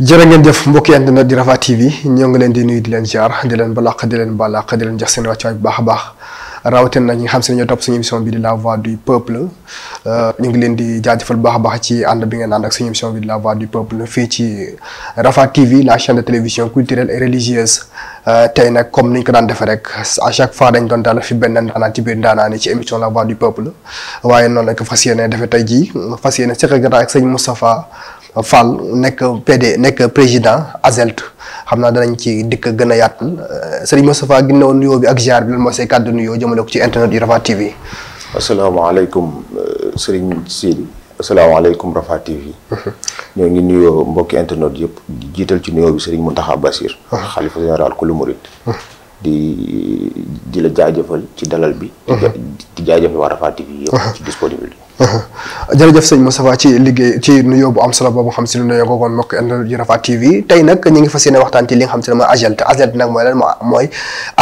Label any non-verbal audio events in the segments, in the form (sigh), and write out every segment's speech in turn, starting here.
jërë ngeen jëf mbokki internet di Rafah TV ñoo ngi leen di nuyu di leen ziar di leen balaq di leen balaq di leen jox seen wàccuwaay bu baax a baax rawatina nag ñi xam si ne ñoo topp suñu émission bi di la voix du peuple euh, ñu ngi leen di jaajëfal bu baax baax ci ànd bi ngeen ànd ak suñu émission bi di la voix du peuple fii ci Rafah TV la chaîne de télévision religieuse euh, tey nag comme ni ñu ko daan defee rek a chaque fois dañ doon daal fi benn ndaanaan ci biir ndaanaan ci émission la voix du Fall nekk PD nekk président ASELT xam naa danañ ci dikk gën a yaatal euh, sëriñ Moustapha ginnaaw nuyoo bi ak ziar bi lan moo say kàddu nuyoo jëmale ko ci internet yu Rafah TV. asalaamaaleykum euh, sëriñ Sidi asalaamaaleykum Rafah TV. Uh-huh. ñoo ngi nuyoo mbokki internet yëpp jiital ci nuyoo bi sëriñ Mountakha Bassir. Uh-huh. xalifa général ku lu murit di di la jaajëfal ci dalal bi. di uh-huh. jaajëfal waa Rafah TV yëpp ci disponibilité. Uh-huh. jërëjëf sëñ Moustapha ci liggéey ci nuyoo bu am solo boobu nga xam si ne nuyoo googu woon mbokk internet yu Rafah TV nag ñu ngi fas yéene waxtaan ci li xam ne mooy AGELT AGELT nag mooy lan mooy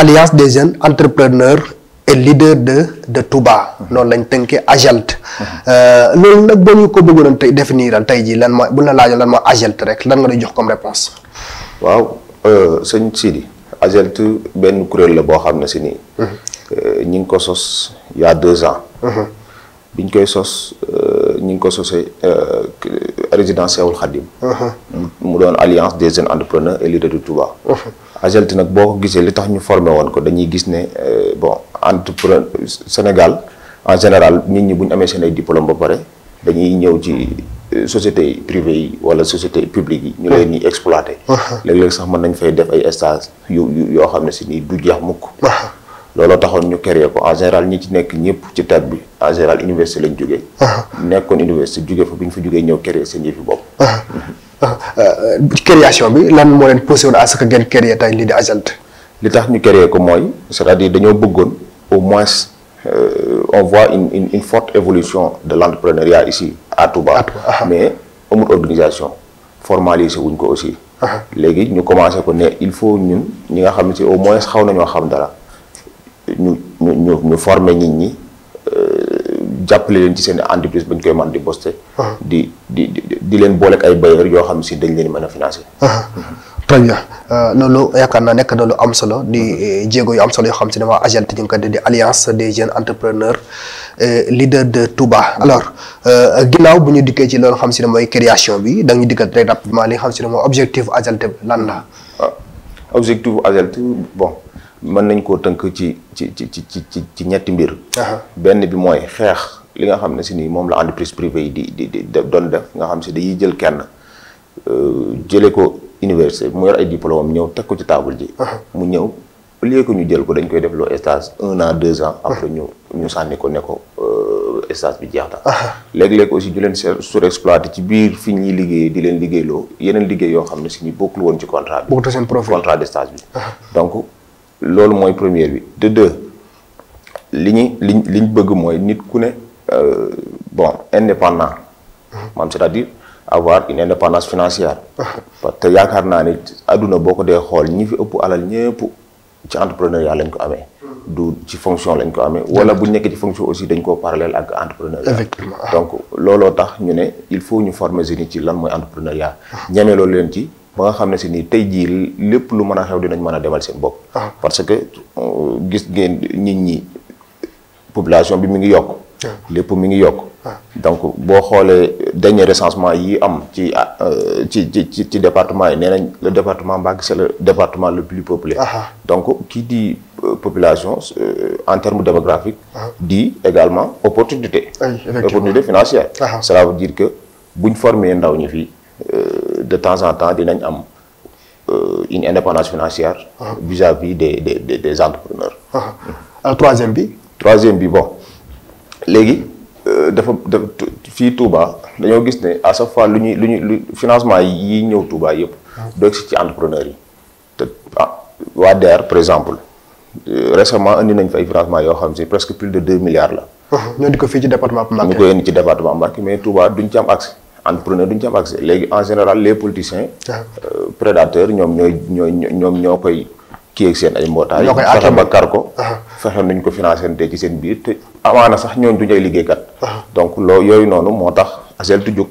alliance des jeunes entrepreneurs et leaders de Touba. Uh-huh. noonu lañ tënkee AGELT. Uh-huh. Uh, loolu nag boo ñu ko bëggoon tey définiral tey jii lan mooy bu la laajoon lan mooy AGELT rek lan nga doon jox comme réponse waaw euh, sëñ Sidi AGELT benn kuréel la boo xam ne si nii. Euh, ñu ngi ko sos il deux ans. biñ koy sos euh, ñu ngi ko sosee euh, résidence Cheikhoul Khadim uh-huh. mu doon alliance des jeunes entrepreneur et du Touba. Uh-huh. AGELTI nag boo ko gisee li tax ñu formé woon ko dañuy gis ne euh, bon entrepreneur Sénégal en général nit ñi bu ñu amee seen ay diplôme ba pare dañuy ñëw ci société privée yi wala société publique yi. ñu uh-huh. leen di exploité. léeg-léeg sax mën nañ fay def ay stage yu yoo xam ne si nii du jeex mukk. looloo taxoon ñu créé ko en général ñi ci nekk ñëpp ci tab bi en général université lañ jógee. Uh-huh. nekkoon université jógee fa bi ñu fa jógee ñëw créé seen fi bopp. Uh-huh. Uh-huh. Uh, création bi lan moo leen poussé woon à ce que ngeen créé tey lii di Agent. li tax ñu créé ko mooy c'est-à-dire dañoo bëggoon au moins euh, on voit une une une forte évolution de l'entrepreneuriat ici à Touba. mais amul organisation formalisé wuñ ko aussi. léegi ñu commencé ko ne il faut ñun ñi nga xam ne si au moins xaw nañoo xam dara. ñu ñu ñu ñu former nit ñi euh, jàppale leen ci seen entreprise ba ñu koy mën di boste uh-huh. di di di leen booleeg ay bailleur yoo xam si dañ leen mën a financer. Uh-huh. très bien euh, loolu yaakaar naa nekk na lu am solo di uh-huh. euh, jéego yu am solo yoo xam si ne waa agent ñu ngi koy di alliance des jeunes entrepreneurs leader de Touba. alors ginnaaw bu ñu dikkee ci loolu xam si ne mooy création bi da nga ñu dikkal très rapidement li nga xam si ne mooy objectif agent lan la. Ah, objectif agent bon. mën nañ koo tënk ci ci ci ci ci ci ñetti mbir. benn bi mooy xeex li nga xam ne si nii moom la entreprise privée yi di di di doon def nga xam si dañuy jël kenn euh, jëlee ko université mu yor ay diplôme ñëw teg ko ci table ji. mu ñëw au lieu ñu jël ko dañ koy def loo stage un an deux ans. après ñu ñu sànni ko ne ko euh, stage bi jeex na. léegi léeg aussi ñu leen surexploité ci biir fi ñuy liggéeyee di leen liggéeyloo yeneen liggéey yoo xam ne si ni bokkul woon ci contrat bi. bokkul seen profil de stage bi donc. loolu mooy première bi de deux li ñu liñ li ñu bëgg mooy nit ku ne euh, bon indépendant maanaam c'est-à-dire avoir une indépendance financière (laughs) parce que yaakaar naa nit adduna boo ko dee xool ñi fi ëpp alal ñëpp ci entrepreneuriat lañ ko amee du ci fonction lañ ko amee wala bu nekk ci fonction aussi dañ koo parallèle ak entrepreneuriat donc looloo tax ñu ne il faut ñu former jeunes ci lan mooy entrepreneuriat (laughs) ñeme loolu leen ci ba nga xam ne si nii tey jii lépp lu mën a xew dinañ mën a demal seen bopp. Ah. parce que euh, gis ngeen nit ñi population bi mi ngi yokk. Ah. lépp mi ngi yokk. Ah. donc boo xoolee dernier recensement yi am euh, ci ci ci ci département yi nee nañ le département Mbacké c'est le département le plus peuplé. donc kii di euh, population en termes démographiques. di également opportunité. opportunité financière. cela veut dire que buñ formé ndaw ñi fii. de temps en temps dinañ am euh, une indépendance financière. Ah. vis-à-vis des des des entrepreneurs. Ah. Euh, troisième bi. troisième bi bon léegi euh, dafa dafa fii Touba dañoo gis ne à sa fois lu ñuy lu ñuy lu financement yi ñëw Touba yëpp. doog si ci entrepreneurs yi te ah, waa DER par exemple. récemment indi nañ fa financement yoo xam si presque plus de deux milliards la. ñoo di ko fii ci département Mbacké. mais Touba duñ ci am accès. entrepreneur duñ ci am accès léegi en général les politiciens. Euh, prédateurs ñoom ñooy ñooy ñoom ñoo koy kii ak seen ay mbootaay. ñoo koy fexe ba kar ko. fexe nuñ ko financé ci seen biir te amaana sax ñooñ duñ ay liggéeykat. donc loo yooyu noonu moo tax AJEL tu jug.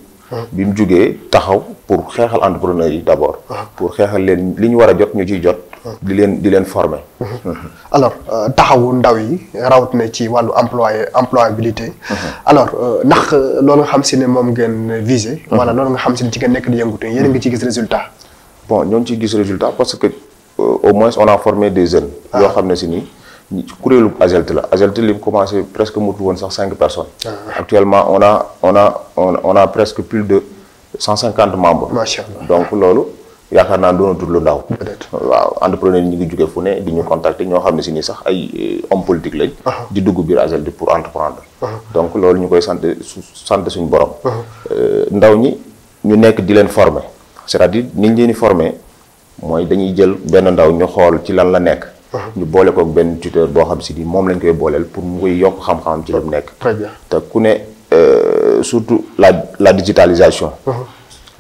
bi mu jugee taxaw pour xeexal entrepreneur yi d' abord. pour xeexal leen li ñu war a jot ñu ciy jot. di leen di leen former. Mhm. alors euh, taxawu ndaw yi rawatina ci wàllu employé employabilité. Mhm. alors euh, ndax euh, loolu nga xam si ne moom ngeen visé. Mhm. wala loolu nga xam si ne ci ngeen nekk di yëngatu yéen a ngi ci gis résultat. bon ñoo ngi ciy gis résultat parce que au moins on a formé des jeunes. Ah. yoo xam ne si nii. kuréelu AGELT la AGELT li mu commencé presque mutu woon sax cinq personnes. Ah. actuellement on a on a on a presque plus de cent cinquante membre macha donc loolu. yaakaar naa doonatul lu ndaw. waaw entrepreneur ñu ngi jóge fu ne di ñu contacter ñoo xam ne si ni sax ay eh, homme politique lañ. di dugg biir Agile di pour entreprendre. donc loolu ñu koy sant su sant suñu borom. Euh, ndaw ñi ñu nekk di leen forme c'est-à-dire ni ñu ni di mooy dañuy jël benn ndaw ñu xool ci lan la nekk. ñu boole kook benn tuteur boo xam si ni moom lañ koy booleel pour mu koy yokk xam-xam ci li mu nekk. te ku ne euh, surtout la la digitalisation.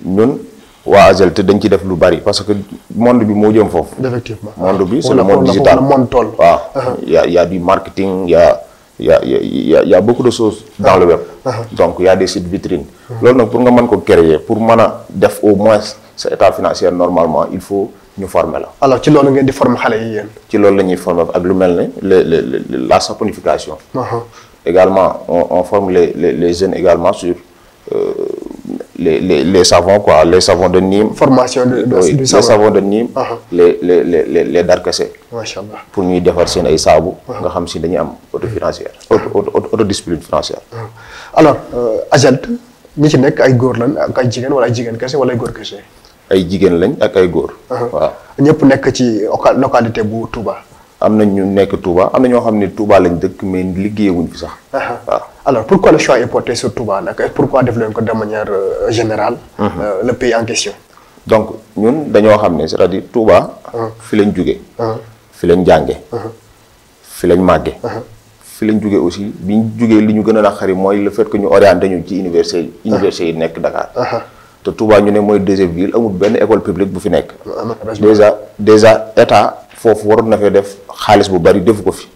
ñun. waa Azel te dañ ci def lu bari parce que monde bi moo jëm foofu. effectivement monde bi c'est le monde digital on monde toll. waaw y y a du marketing y a y a a y a beaucoup de choses uh-huh. dans le web. Uh-huh. donc y a des sites uh-huh. loolu nag pour nga man ko créer pour man a def au moins sa état financier normalement il faut ñu former la. ci loolu ngeen di former xale yi yéen. ci loolu la ñuy former ak lu mel ne le la saponification. également on on forme les les les sur. Euh, les, les, les, savons, quoi, les savons de Nîmes. Formation de, de, oui, de Les savons savon de Nîmes, uh -huh. les, les, les, les, les darkassés. Pour nous défarcer les sabots, nous avons une autofinancière, autodiscipline financière. Alors, euh, Azalt, ñi ci nekk ay góor lañ ak ay jigéen wala ay jigéen kese wala ay góor kese. ay jigéen lañ ak ay góor. waaw ñëpp nekk ci localité bu Touba. am na ñu nekk Touba am na ñoo xam ne Touba lañ dëkk mais liggéeyewuñ fi sax. waaw alors pourquoi le choix est porté sur Touba nag et pourquoi def leen ko de manière euh, générale. Mhm. Euh, le pays en question. donc ñun dañoo xam ne c'est-à-dire Touba. fi lañ jugee. fi lañ jànge fi lañ màgge fi lañ jugee aussi biñ ñu jugee li ñu gën a naqari mooy le fait que ñu orienté ñu ci université yi. université yi nekk Dakar. te Touba ñu ne mooy deuxième ville amul benn école publique bu fi nekk. déjà déjà état foofu waroon na fee def. xaalis bu bari defu ko fi.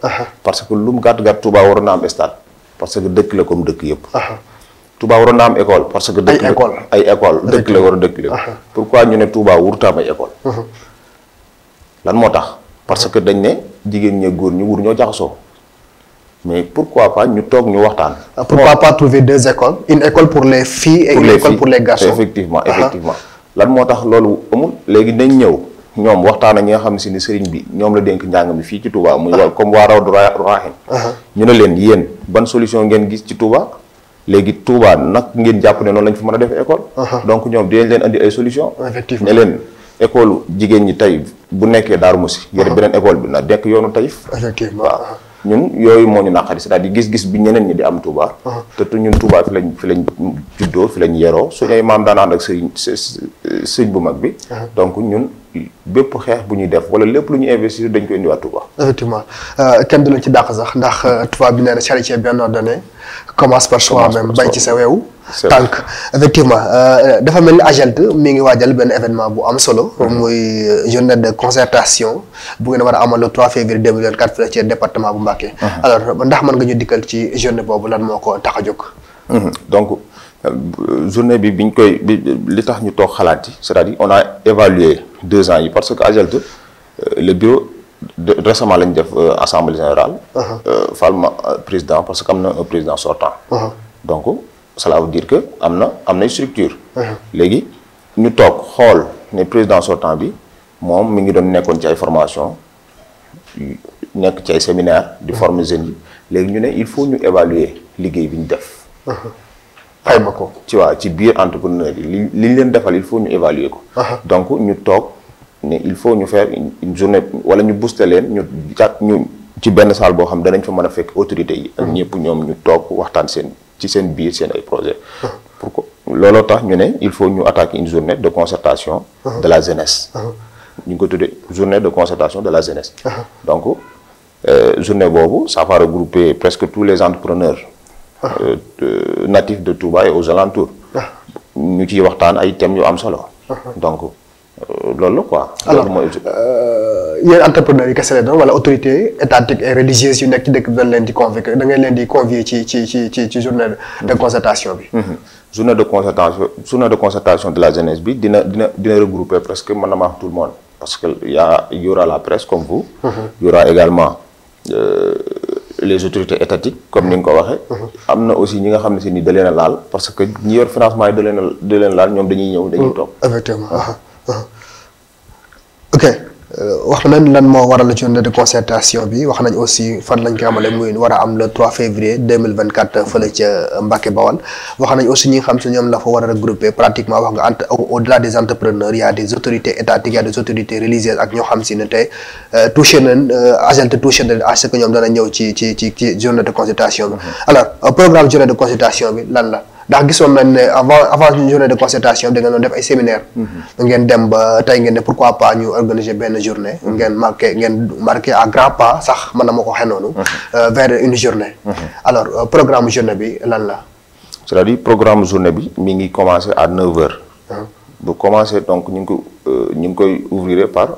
parce que lu mu gàtt gàtt Touba waroon na am stade parce que dëkk la comme dëkk yëpp. Touba waroon na am école parce que. dëkk ay école ay école dëkk la war a dëkk la. pourquoi ñu ne Touba wurut am ay école. lan moo tax parce que dañ ne jigéen ñee góor ñu wur ñoo jaxasoo. mais pourquoi pas ñu toog ñu waxtaan. Ah, pourquoi pas trouver deux écoles une école pour les fii et une école pour les garçons. effectivement lan moo tax loolu amul léegi dañ ñëw. ñoom waxtaan a ñi nga xam ne si ni sëriñ bi ñoom la dénk njàng mi fii ci Touba muy wal comme waa Rawdu Rahin uh-huh. ñu ne leen yéen ban solution ngeen gis ci Touba léegi Touba nag ngeen jàpp ne noonu lañ fi mën a defee école uh-huh. donc ñoom dinañ leen andi ay solution effectivement ne leen école jigéen ñi tey bu nekkee Daaru Musi uh-huh. beneen école bi na dekk yoonu Taïf effectivement ñun yooyu moo ñu naqari si à dire gis-gis bi ñeneen ñi di am Touba te tu ñun Touba fi lañ fi lañ juddoo fi lañ yeroo su ay maam daan ànd ak sëriñ sëriñ bu mag bi donc ñun bépp xeex bu ñuy def wala lépp lu ñu investir dañ ko indiwaat Touba. effectivement euh, kenn du la ci dàq sax ndax euh, tubaab bi nee na charité bien ordonnée commence par soi même bay ci sa weewu tànk euh, dafa mel ni agent mi ngi waajal benn événement bu am solo mm-hmm. muy journée de concertation bu ngeen war a amal le 3 février 2024 fii ci département bu Mbacké mm-hmm. alors ndax mën nga ñu dikkal ci journée boobu lan moo ko tax a jóg mm-hmm. journée bi bi biñ koy li tax ñu toog xalaat yi c'est-à-dire on a évalué deux ans yi parce que AGELT euh, le bureau récemment lañ def euh, assemblée général uh-huh. euh, fal président parce que am na un président sortant. Uh-huh. donc cela veut dire que am na am nay structure. Uh-huh. léegi ñu toog xool ne président sortant bi moom mi ngi doon nekkoon ci ay formation nekk ci ay séminaire di forme jeunes yi léegi ñu ne il faut ñu évaluer liggéey bi ñu def. xayma ko ci waa ci biir entrepreneur yi li li ñu leen defal il faut ñu évaluer ko donc ñu toog ne il faut ñu faire une journée wala ñu booster leen ñu jàpp ñu ci benn salle boo xam danañ fa mën a fekk autorité yi ak ñëpp ñoom ñu toog waxtaan seen ci seen biir seen ay projet pour pourquoi looloo tax ñu ne il faut ñu attaquer une journée de concertation de la jeunesse ñu ngi ko tuddee journée de concertation de la jeunesse donc euh, journée boobu ça va regrouper presque les entrepreneurs Ah. Euh, natif de Touba et aux alentours. Ah. ñu ciy waxtaan ay thèmes yu am solo. Ah. donc euh, loolu la quoi. mooy euh, yéen entrepreneurs yi kese la doon wala autorités étatiques et religieuses yu nekk ci dëkk bi dañ leen di convoquer da leen di convier ci ci ci ci ci journée de mm-hmm. concertation bi. Mm-hmm. journée de concertation journée de concertation de la jeunesse bi dina dina dina regrouper presque man na ma wax tout le monde parce que y a y aura la presse comme vous. Mm-hmm. y également. les autorités étatiques comme ni nga ko waxee. Mhm. am na aussi ñi nga xam ne si ni da leen a laal parce que ñi yor financement yi da leen a da laal ñoom dañuy ñëw dañuy toog. effectivement ok. Euh, wax nañ lan moo waral journée de concertation bi wax nañ aussi fan lañ ko amale muy war a am le 3 février 2024 fële ca Mbacké Bawal wax nañ aussi ñi xam si ñoom la fa war a regroupé pratiquement wax nga entre au delà des entrepreneurs y a des autorités étatiques y a des autorités religieuses ak ñoo xam si ne tey euh, touché nañ euh, agente touché nañ ñoom dana ñëw ci ci ci ci journée de concertation bi mm-hmm. alors programme journée de concertation bi lan la ndax gisoon nañ ne avant avant une journée de concertation da ngeen doon def ay séminaire mhm. ngeen dem ba tey ngeen ne pourquoi pas ñu organiser benn journée. Mhm. ngeen marqué ngeen marqué à grand pas sax man na ma ko waxee noonu. Mhm. Euh, vers une journée. alors euh, programme journée bi lan la. c'est-à-dire programme journée bi mi ngi commencé à 9h. bu commencé donc ñu ngi ko euh, ñu ngi koy ouvrir par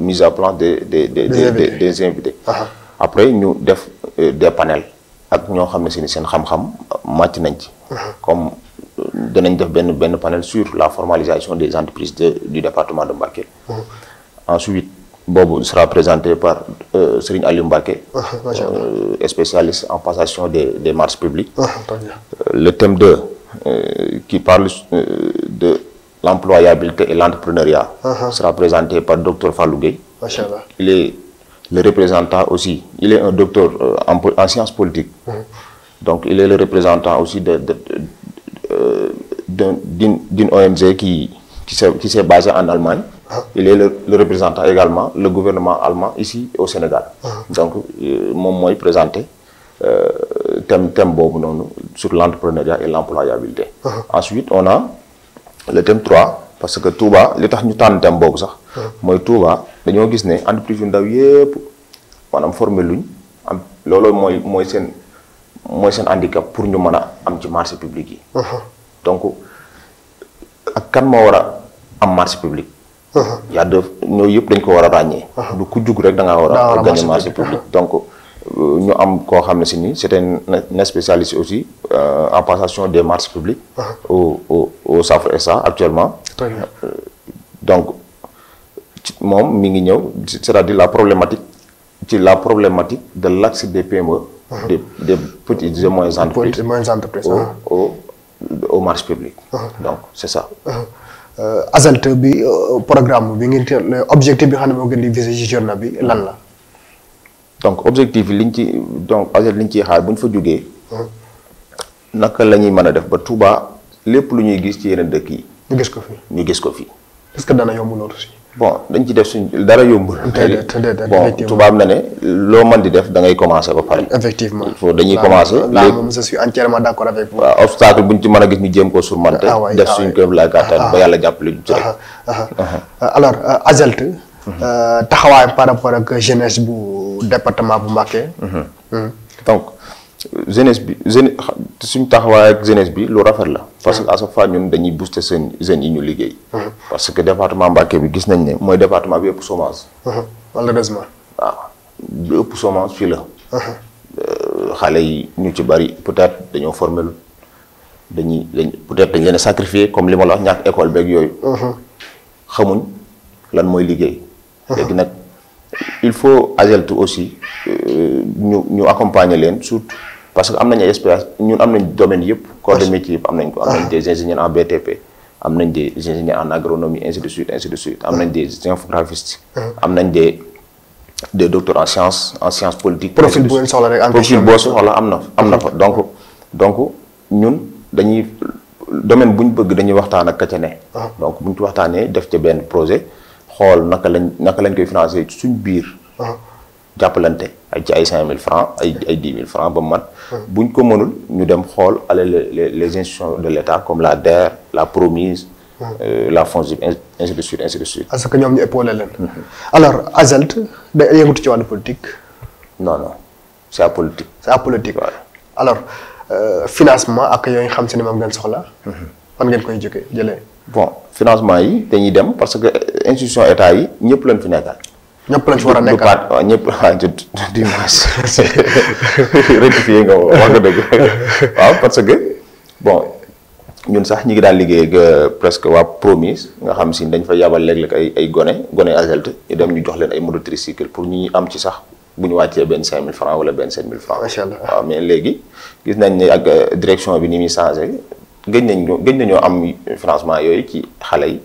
mise à plan des des des de invités. après ñu def des panels. ak ñoo xam ne si ni seen xam-xam màcc nañ ci. Mhm. comme danañ def benn benn panel sur la formalisation des entreprises de du département de Mbacké. Mhm. ensuite boobu sera présenté par euh, Serigne Aliou Mbacké. Mhm, euh, spécialiste en passation des des marchés publics. Euh, le thème 2 qui parle de l'employabilité et l'entrepreneuriat. sera présenté par docteur Fallou le représentant aussi. Il est un docteur euh, en, en sciences mmh. Donc, il est le représentant aussi euh, d'une ONG qui, qui s'est basée en Allemagne. Mmh. Il est le, le, représentant également, le gouvernement allemand ici au Sénégal. Mmh. Donc, euh, moom mooy moi présenté tem thème, boobu noonu sur l'entrepreneuriat et l'employabilité. Ensuite, on a le thème 3, parce que tout Touba, l'état nous thème Bob, ça. Moi, Touba, dañoo gis ne entreprise yu ndaw yépp maanaam formé luñ am looloo mooy mooy seen mooy seen handicap pour ñu mën a am ci marché public yi. Uh-huh. donc ak kan moo war a am marché public. Uh-huh. yaa def ñooyu yëpp dañ ko war a ràññee. Uh-huh. du ku jug rek da ngaa war a. gagner marché public donc euh, ñu am koo xam ne si ni c'est un spécialiste aussi euh, en passation des marché publics. au au au Safre SA actuellement. Euh, donc. moom mi ngi ñëw cest à la problématique ci la problématique de l'accès des PME. des des petites et moyennes entreprises. petites et au au au public. donc c'est ça. Euh, ASALT bi euh, programme bi ngeen teel objectif bi xam ne moo gën di viser ci journée bi lan la. donc objectif yi liñ ci donc ASALT liñ ciy xaar bu ñu fa jógee. naka lañuy mën a def ba Touba lépp lu ñuy gis ci yeneen dëkk yi. ñu gis ko fi ñu gis ko fi. est que dana yomb bon dañ ci def suñ dara yombul. bon tubaab na ne loo man di def dangay ngay commencer ba pare. effectivement foofu dañuy commencer. léegi moom je suis entièrement d'accord avec vous. waaw obstacle ci mën a gis ñu jéem koo surmonter. Ah, def suñ ah, ko la gàttal ah, ba yàlla jàppale ñu ci rek. Uh-huh. Euh, alors euh, Azelt. Euh, uh-huh. taxawaay par rapport ak jeunesse bu département bu Mbacké. Uh-huh. Hmm. donc. jeunesse bi jeune suñ taxawaay ak jeunesse bi lu rafet la. parce que à chaque fois ñun dañuy booster seen jeunes yi ñu liggéey. Mhm. parce que département Mbacké bi gis nañ ne mooy département bi ëpp chômage. Mhm. malheureusement. waaw ëpp chômage fii la. Mhm. Euh, xale yi ñu ci bari peut-être dañoo formel dañuy dañ peut-être dañ leen a sacrifier comme li ma la wax ñàkk école beeg yooyu. xamuñ lan mooy liggéey. léegi nag. il faut AGELT aussi euh, ñu ñu accompagner leen surtout parce que am nañ ay expérience ñun am nañ domaine yëpp corps de yëpp am nañ ko am nañ des ingénieurs en BTP am nañ des ingénieurs en agronomie ainsi de suite ainsi de suite am nañ des infographistes am nañ des des docteurs en sciences en sciences politiques profil bu soxla rek boo soxla am na am na fa donc donc ñun dañuy domaine bu ñu bëgg dañuy waxtaan ak ka ca ne ah. donc bu ñu ci waxtaanee def ca benn projet xool naka lañ naka lañ koy financé suñ biir. Ah. jàppalante ay ci ay cinq mille francs ay ay dix mille francs ba mu mat. Ah. buñ ko mënul ñu dem xool ale les les institutions de l' état comme la DER la Promise. Ah. Euh, la FONGIP ainsi de suite que ñoom ñu épaulé leen. Mm-hmm. alors Azelt day yëngatu ci wàllu politique. non non c' est apolitique. c' alors euh, financement ak yooyu xam si ne moom ngeen soxla. Mm-hmm. fan ngeen koy jógee bon financement yi dañuy dem parce que institution état yi ñëpp lañ fi nekkal. ñëpp lañ fi war a nekkal waaw ñëpp ah (laughs) dimanche (laughs) rectifié nga wax nga dëgg (laughs) waaw parce que bon ñun sax ñi ngi daan liggéey ak euh, presque waa promise nga xam si dañ fa yabal léeg-léeg ay gone gone adulte ñu dem ñu jox leen ay moto tricycle pour ñu am ci sax. bu ñu wàccee benn 5000 francs wala benn 7000 francs. macha allah waaw mais léegi gis nañ ni ak euh, direction bi ni muy changé gëj nañ ñoo gëj nañoo am financement yooyu ci xale yi.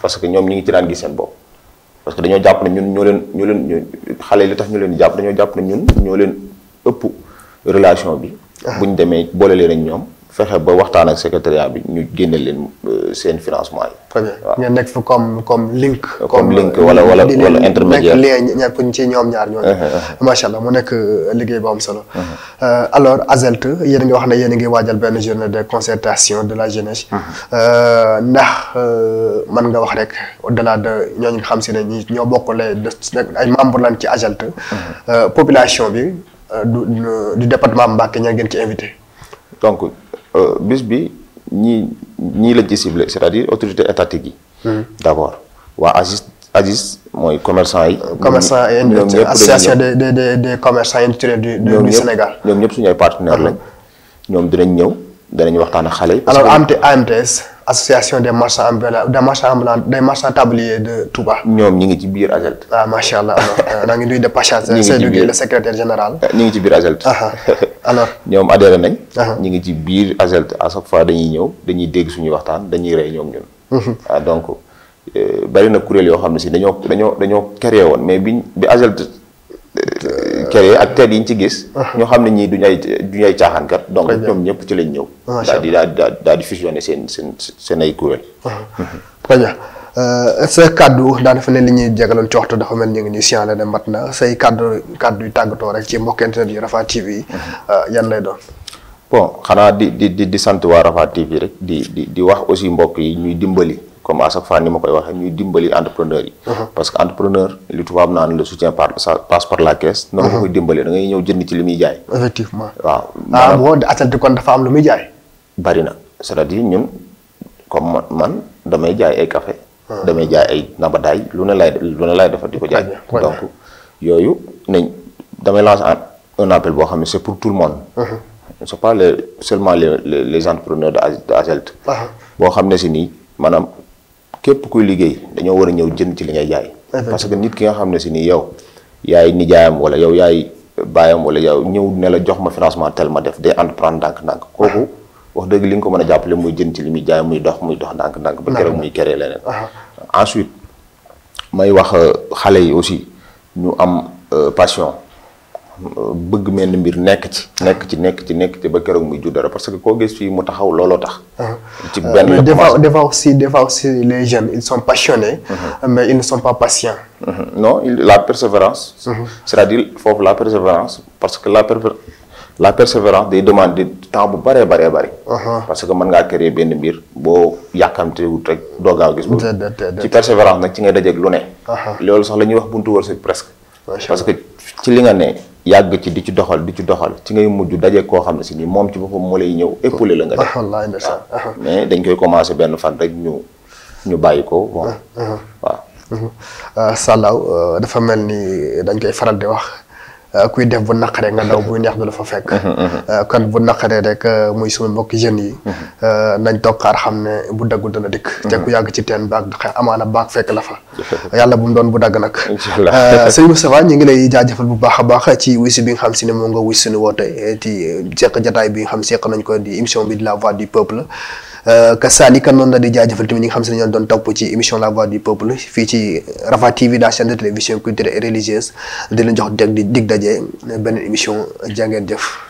parce que ñoom ñu ngi ci daan gis seen bopp. parce que dañoo jàpp ne ñun ñoo leen ñoo leen xale yi li tax ñu leen di jàpp dañoo jàpp ne ñun ñoo leen ëpp relation bi. bu ñu demee boole leen ak ñoom. fexe ba waxtaan ak secrétariat bi ñu génne leen euh, seen financement yi. ngeen nekk fi comme comme link. comme link euh, wala wala wala intermédiaire di leen nekk lien ci ñoom ñaar ñooñu. Uh-huh, uh-huh. macha allah mu nekk euh, liggéey bu am solo. Uh-huh. alors Azelt yéen a ngi wax ne yéen a ngi waajal benn journée de concertation de la jeunesse. ndax man nga wax rek au delà ñooñu nga xam si ne ñi ñoo bokk ay membres lan ci Azelt. population bi du du département Mbacké ña ngeen ci invité. Euh, bis bi ñii ñii lañ ci ciblé c'est-à-dire autorité étatique yi. Hmm. d'abord waa AGIS AGIS mooy commerçant yi. commerçant et industriels association des des des commerçants industriels du du Sénégal. ñoom ñëpp suñu ay partenaires ah. lañ ñoom dinañ ñëw. danañu waxtaan a xale yi. alors AMTS association de marchands ambulants des marchands ambulants des marchands tabliers de Touba. ñoom ñi ngi ci biir AGELT. ah macha allah maa euh, (laughs) ngi nuyu de passage. Seydou Guèye le secrétaire général. ngi ci biir AGELT. alors ñoom adhéré nañ. ñi ngi ci biir AGELT ah, ah. (laughs) ah, à chaque fois dañuy ñëw dañuy dégg suñuy waxtaan dañuy rey ñoom ñun. Mm-hmm. donc euh, bari na kuréel yoo xam ne si dañoo dañoo dañoo créé woon mais biñ bi AGELT créé ak tedd yi ñu ci gis. Ah. ñoo xam ne ñii duñ ay duñ ay caaxaankat. donc ñoom ñëpp ci lañ ñëw. daal di daal daal di fusionné seen seen seen ay kuréel. Ah. très bien euh, sa kàddu daa dafa ne li ñuy jegaloon coxtu dafa mel ñu ngi ñuy signalé ne mat na say kàddu kàddu yu tàggatoo rek ci mbokk internet yu Rafah TV. Mm-hmm. Euh, yan lay doon. bon xanaa di di di sant waa Rafah TV rek di di di wax aussi mbokk yi ñuy dimbali. comme à chaque fois ni ma koy waxee ñuy dimbali entrepreneur yi. Uh-huh. parce que entrepreneur li tubaab naan le soutien par passe par la caisse. Uh-huh. noonu nga koy dimbali da ngay ñëw jënd ci li muy jaay. waaw. ah boo di kon dafa am lu muy jaay. bari c'est-à-dire ñun comme man damay jaay ay café uh-huh. damay jaay ay nabadaay lu ne lay defar di ko jaay. donc yooyu nañ damay lancer un appel boo xam ne c'est pour tout le monde. c'est pas seulement les entrepreneurs de AGELT. boo xam ne képp kuy liggéey dañoo war a ñëw jën ci li ngay jaay. parce que nit ki nga xam ne si ni yow yaay nijaayam wala yow yaay baayam wala yow ñëw ne la jox ma financement tel ma def de entreprendre ndànk-ndànk ah. kooku wax dëgg li nga ko mën a jàppale muy jën ci li muy jaay muy dox muy dox ndànk-ndànk. ba keroog muy keree leneen. Ah. ensuite may wax euh, xale yi aussi ñu am euh, passion. bëgg mel mbir nekk ci. nekk ci nekk ci nekk ci ba keroog muy jur dara parce que koo gis fii mu taxaw looloo tax. Ah. ci benn la commencé les jeunes ils sont mhm. mais ils ne sont pas mhm. la persévérance. Mhm. c'est-à-dire foofu la persévérance parce que la la persévérance day demander temps bu bëree bëree bëri. Uh-huh. parce que mën ngaa créer benn mbir boo yàkkamte wut rek doo gaaw gis. ci persévérance nag ci nga dajeeg lu ne. Uh-huh. loolu sax la ñuy wax buntu wërsëg presque. parce que ci li nga ne. yàgg ci di ci doxal di ci doxal ci ngay mujj daje koo xam ne si ni moom ci boppam moo lay ñëw épaulé la nga def ah, waaw ah. mais dañ koy commencé benn fan rek ñu ñu bàyyi ko bon ah, waaw mm-hmm. sàllaaw euh, dafa mel ni dañ koy faral di wax Euh, kuy def bu naqaree nga daw buy neex du la fa fekk. (laughs) Uh-huh, uh-huh. Euh, kon bu naqaree rek euh, muy suñu mbokk jeunes yi. Uh-huh. nañ toog xaar xam ne bu daggu dana dikk. te ku yàgg ci teen baag amaana baax fekk la fa. (laughs) yàlla bu mu doon bu dagg nag. incha allah (laughs) sëñ Moustapha ñu ngi lay jaajëfal bu baax a baax ci wisi bi nga xam si ne moo nga wis suñu woote ti eh, seq jataay bi nga xam seq nañ ko di émission bi de la voix du peuple. ka euh, kasaalika noonu la di jaajëfal tamit ñi nga xam si ne ñoo doon topp ci émission la voix du peuple fii ci Rafah TV la chaîne de télévision culturelle et religieuse di leen jox deg di dig daje beneen émission jàngeen jëf